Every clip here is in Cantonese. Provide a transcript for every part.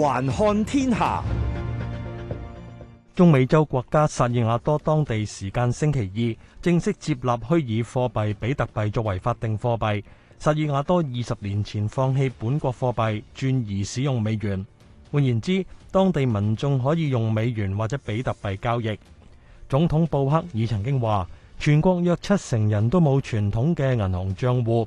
環看天下，中美洲國家薩爾瓦多當地時間星期二正式接納虛擬貨幣比特幣作為法定貨幣。薩爾瓦多二十年前放棄本國貨幣，轉移使用美元。換言之，當地民眾可以用美元或者比特幣交易。總統布克爾曾經話：全國約七成人都冇傳統嘅銀行賬戶。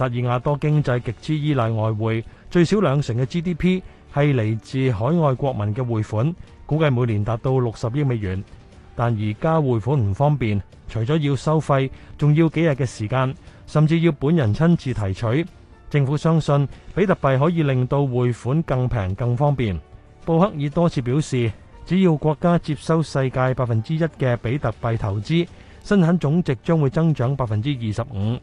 薩爾瓦多經濟極之依賴外匯，最少兩成嘅 GDP 係嚟自海外國民嘅匯款，估計每年達到六十億美元。但而家匯款唔方便，除咗要收費，仲要幾日嘅時間，甚至要本人親自提取。政府相信比特幣可以令到匯款更平更方便。布克爾多次表示，只要國家接收世界百分之一嘅比特幣投資，生產總值將會增長百分之二十五。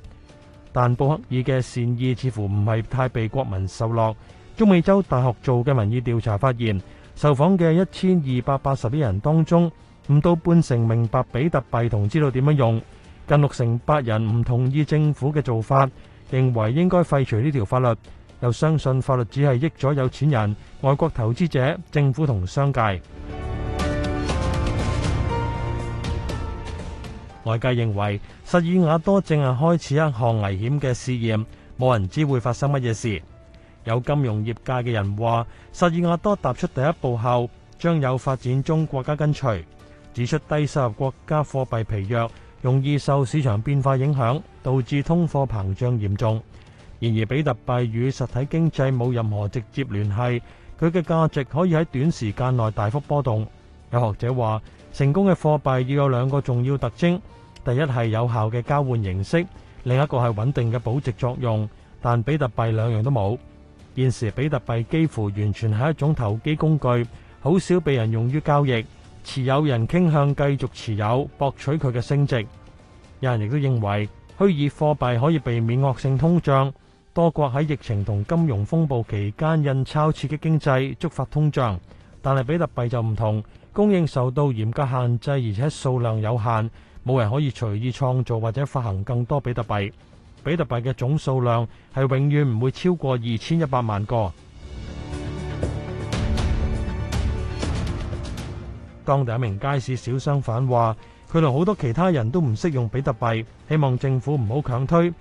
但布克爾嘅善意似乎唔係太被國民受落。中美洲大學做嘅民意調查發現，受訪嘅一千二百八十一人當中，唔到半成明白比特幣同知道點樣用，近六成八人唔同意政府嘅做法，認為應該廢除呢條法律，又相信法律只係益咗有錢人、外國投資者、政府同商界。外界認為薩爾瓦多正係開始一項危險嘅試驗，冇人知會發生乜嘢事。有金融業界嘅人話，薩爾瓦多踏出第一步後，將有發展中國家跟隨，指出低收入國家貨幣疲弱，容易受市場變化影響，導致通貨膨脹嚴重。然而，比特幣與實體經濟冇任何直接聯繫，佢嘅價值可以喺短時間內大幅波動。有學者話：成功嘅貨幣要有兩個重要特徵，第一係有效嘅交換形式，另一個係穩定嘅保值作用。但比特幣兩樣都冇。現時比特幣幾乎完全係一種投機工具，好少被人用於交易，持有人傾向繼續持有，博取佢嘅升值。有人亦都認為虛擬貨幣可以避免惡性通脹，多國喺疫情同金融風暴期間印鈔刺激經濟，觸發通脹，但係比特幣就唔同。供應受到嚴格限制，而且數量有限，冇人可以隨意創造或者發行更多比特幣。比特幣嘅總數量係永遠唔會超過二千一百萬個。 當地一名街市小商販話：佢同好多其他人都唔識用比特幣，希望政府唔好強推。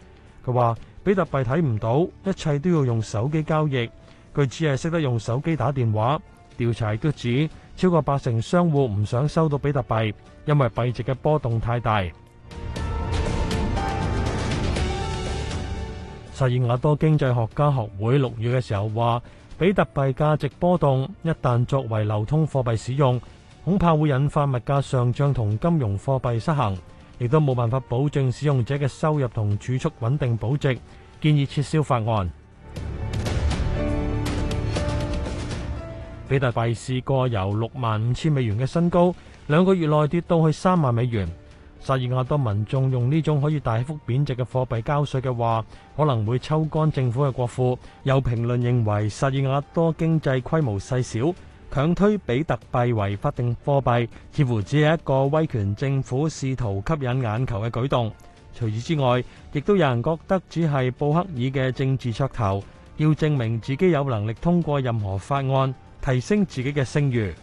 佢話：比特幣睇唔到，一切都要用手機交易。佢只係識得用手機打電話。調查都指，超過八成商戶唔想收到比特幣，因為幣值嘅波動太大。薩爾瓦多經濟學家學會六月嘅時候話，比特幣價值波動，一旦作為流通貨幣使用，恐怕會引發物價上漲同金融貨幣失衡，亦都冇辦法保證使用者嘅收入同儲蓄穩定保值。建議撤銷法案。比特幣試過由六萬五千美元嘅新高，兩個月內跌到去三萬美元。薩爾瓦多民眾用呢種可以大幅貶值嘅貨幣交稅嘅話，可能會抽乾政府嘅國庫。有評論認為，薩爾瓦多經濟規模細小，強推比特幣為法定貨幣，似乎只係一個威權政府試圖吸引眼球嘅舉動。除此之外，亦都有人覺得只係布克爾嘅政治噱頭，要證明自己有能力通過任何法案。提升自己嘅聲譽。